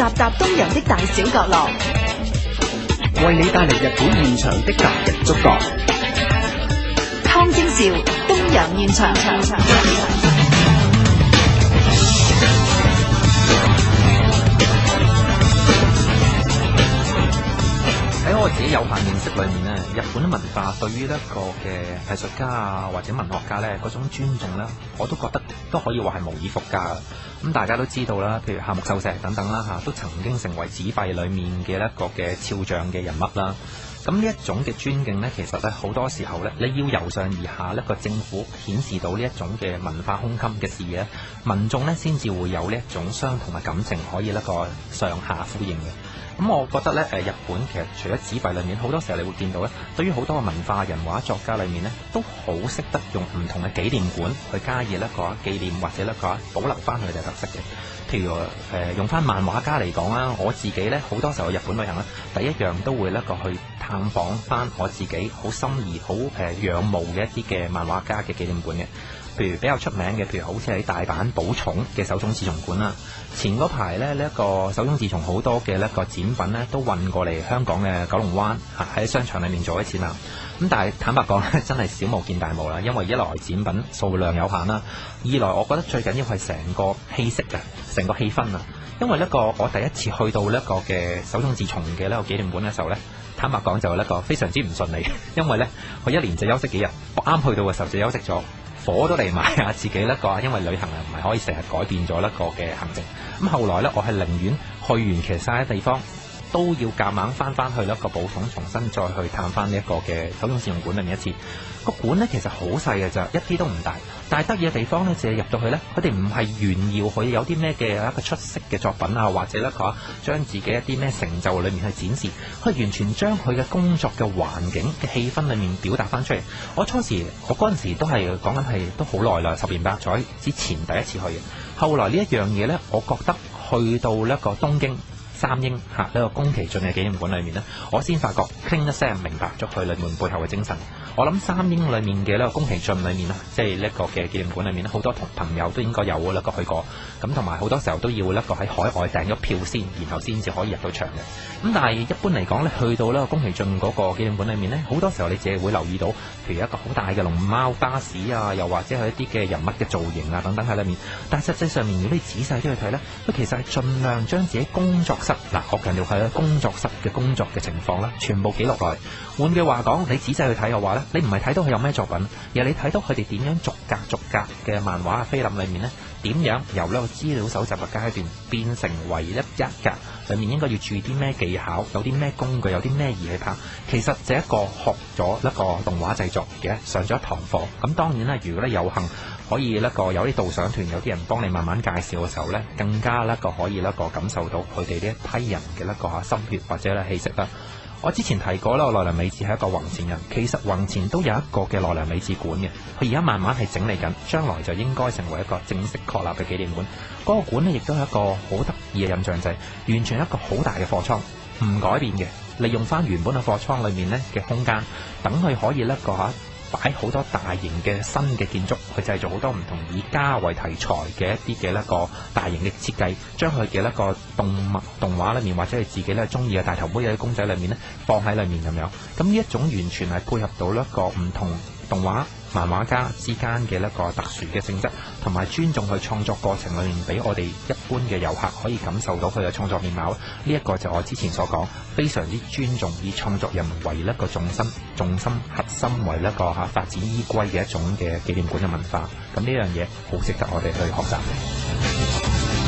集沓東洋的大小角落，為你帶嚟日本現場的達人觸覺。湯晶兆東洋現場場。場場自己有限認識裏面咧，日本嘅文化對於一個嘅藝術家啊，或者文學家咧，嗰種尊重咧，我都覺得都可以話係無以復加。咁大家都知道啦，譬如夏目漱石等等啦嚇、啊，都曾經成為紙幣裏面嘅一個嘅肖像嘅人物啦。咁呢一種嘅尊敬咧，其實咧好多時候咧，你要由上而下一個政府顯示到呢一種嘅文化胸襟嘅時咧，民眾咧先至會有呢一種相同嘅感情可以一個上下呼應嘅。咁我覺得咧，誒日本其實除咗紙幣。裡面好多時候你會見到咧，對於好多嘅文化人畫作家裡面咧，都好識得用唔同嘅紀念館去加以一個紀念或者一個、呃、保留翻佢哋嘅特色嘅。譬如誒、呃、用翻漫畫家嚟講啦，我自己咧好多時候日本旅行咧，第一樣都會咧過去探訪翻我自己好心儀、好誒、呃、仰慕嘅一啲嘅漫畫家嘅紀念館嘅。譬如比較出名嘅，譬如好似喺大阪寶塚嘅手塚治虫館啦，前嗰排咧呢一個手塚治虫好多嘅呢個展品咧都運過嚟香港嘅九龍灣吓，喺商場裏面做一次啦。咁但係坦白講咧，真係小巫見大巫啦，因為一來展品數量有限啦，二來我覺得最緊要係成個氣息啊，成個氣氛啊。因為呢個我第一次去到呢個嘅手塚治虫嘅呢個紀念館嘅時候咧，坦白講就係呢個非常之唔順利，因為咧我一年就休息幾日，我啱去到嘅時候就休息咗。我都嚟埋啊！買自己咧個，因為旅行啊唔係可以成日改變咗一個嘅行程。咁後來呢，我係寧願去完其他啲地方，都要夾硬翻翻去一、那個寶塚，重新再去探翻呢一個嘅手塚治虫館入面一次。那個館咧其實好細嘅咋，一啲都唔大。但係得意嘅地方咧，就係入到去咧，佢哋唔係炫耀佢有啲咩嘅一個出色嘅作品啊，或者咧講將自己一啲咩成就裏面去展示。佢完全將佢嘅工作嘅環境嘅氣氛裏面表達翻出嚟。我初時我嗰陣時都係講緊係都好耐啦，十年八載之前第一次去嘅。後來呢一樣嘢咧，我覺得去到呢一個東京。三英嚇呢、啊呢個宮崎駿嘅紀念館裏面呢，我先發覺傾一聲明白咗佢裏面背後嘅精神。我諗三英裏面嘅呢個宮崎駿裏面呢，即係呢個嘅紀念館裏面呢，好多同朋友都應該有嘅呢個去過。咁同埋好多時候都要一個喺海外訂咗票先，然後先至可以入到場嘅。咁但係一般嚟講咧，去到呢個宮崎駿嗰個紀念館裏面呢，好多時候你自己會留意到，譬如一個好大嘅龍貓巴士啊，又或者係一啲嘅人物嘅造型啊等等喺裏面。但係實際上面如果你仔細啲去睇呢，佢其實係盡量將自己工作。嗱，我強要係工作室嘅工作嘅情況啦，全部記錄落嚟。換句話講，你仔細去睇嘅話咧，你唔係睇到佢有咩作品，而係你睇到佢哋點樣逐格逐格嘅漫畫喺菲林裏面呢。點樣由呢個資料搜集嘅階段變成唯一一格？裏面應該要注意啲咩技巧？有啲咩工具？有啲咩儀器拍？其實就一個學咗一個動畫製作嘅上咗一堂課。咁當然啦，如果咧有幸可以一個有啲導賞團，有啲人幫你慢慢介紹嘅時候呢，更加一個可以一個感受到佢哋呢一批人嘅一個心血或者咧氣息啦。我之前提過啦，奈良美智係一個弘前人，其實弘前都有一個嘅奈良美智館嘅，佢而家慢慢係整理緊，將來就應該成為一個正式確立嘅紀念館。嗰、這個館咧，亦都係一個好得意嘅印象就仔，完全一個好大嘅貨倉，唔改變嘅，利用翻原本嘅貨倉裡面咧嘅空間，等佢可以甩個嚇。擺好多大型嘅新嘅建築，去製造好多唔同以家為題材嘅一啲嘅一個大型嘅設計，將佢嘅一個動物動畫裏面，或者係自己咧中意嘅大頭妹嘅公仔裏面咧放喺裏面咁樣，咁呢一種完全係配合到一個唔同動畫。漫畫家之間嘅一個特殊嘅性質，同埋尊重佢創作過程裏面，俾我哋一般嘅遊客可以感受到佢嘅創作面貌。呢、這、一個就係我之前所講，非常之尊重以創作人為一個重心、重心核心為一個吓發展依歸嘅一種嘅紀念館嘅文化。咁呢樣嘢好值得我哋去學習。